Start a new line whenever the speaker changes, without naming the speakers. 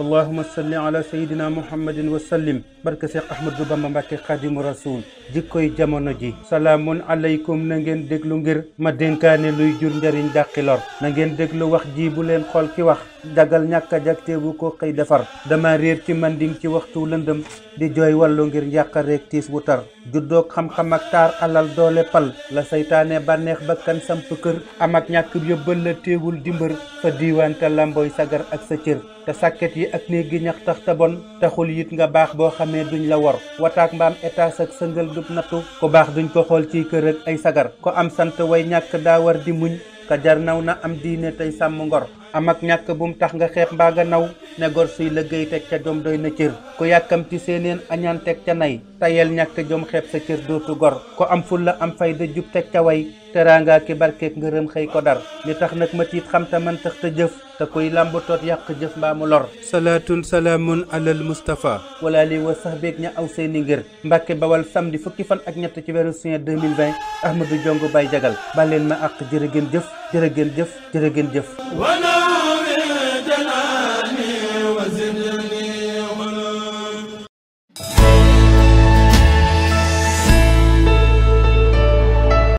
allahuma salli ala sayidina muhammadin wa sallim barke Seex Ahmadu Bamba Mbàkke xadimu rasul jikkoy jamono ji salaamun aleykum na ngeen déglu ngir ma dénkaane luy jur njariñ dàqi lor na ngeen déglu wax ji bu leen xool ki wax jagal ñàkka a jagte bu ko xëy defar dama réer ci mandim ci waxtu lëndëm di jooy wàllu ngir njàqareeg tiis wu tar juddoog xam-xam ak taar alal doole pal la saytaane bànneex bakkan samp kër am ak ñàkk yóbbal la téewul dimbër fa lambooy sagar ak sa cër te sàkket yi ak gi ñax tax te bon taxul it nga baax boo xamee duñu la wor wataak mbaam étas ak sëngal dub nattu ku baax duñu ko xool ciy kër ak ay sagar ko am sant way ñàkk daawar di muñ ka jar naw na am diine tey sàmm ngor am ak ñàkk bu mu tax nga xeet mbaa nga naw ne gor suy liggéey teg ca jom doy na cër ku yàkkamti seeneen añaan teg ca nay tayel ñàkk jom xeet sa cër dootu gor ko am fulla am fayda jub teg ca way teraangaaki ki barkeeg ngërëm xëy ko dar li tax nag ma tiit xam te man tax te jëf te kuy làmb toot yàq jëf mbaa mu lor salaatun salaamun alal Mustafa wala lii sax beeg ña aw seeni ngir Mbàkke Bawal samedi fukki fan ak ñett ci weeru si 2020 Ahmadou Diongue Baye Diagal baleen ma àq jërë ngeen jëf jërë ngeen jëf jërë ngeen jëf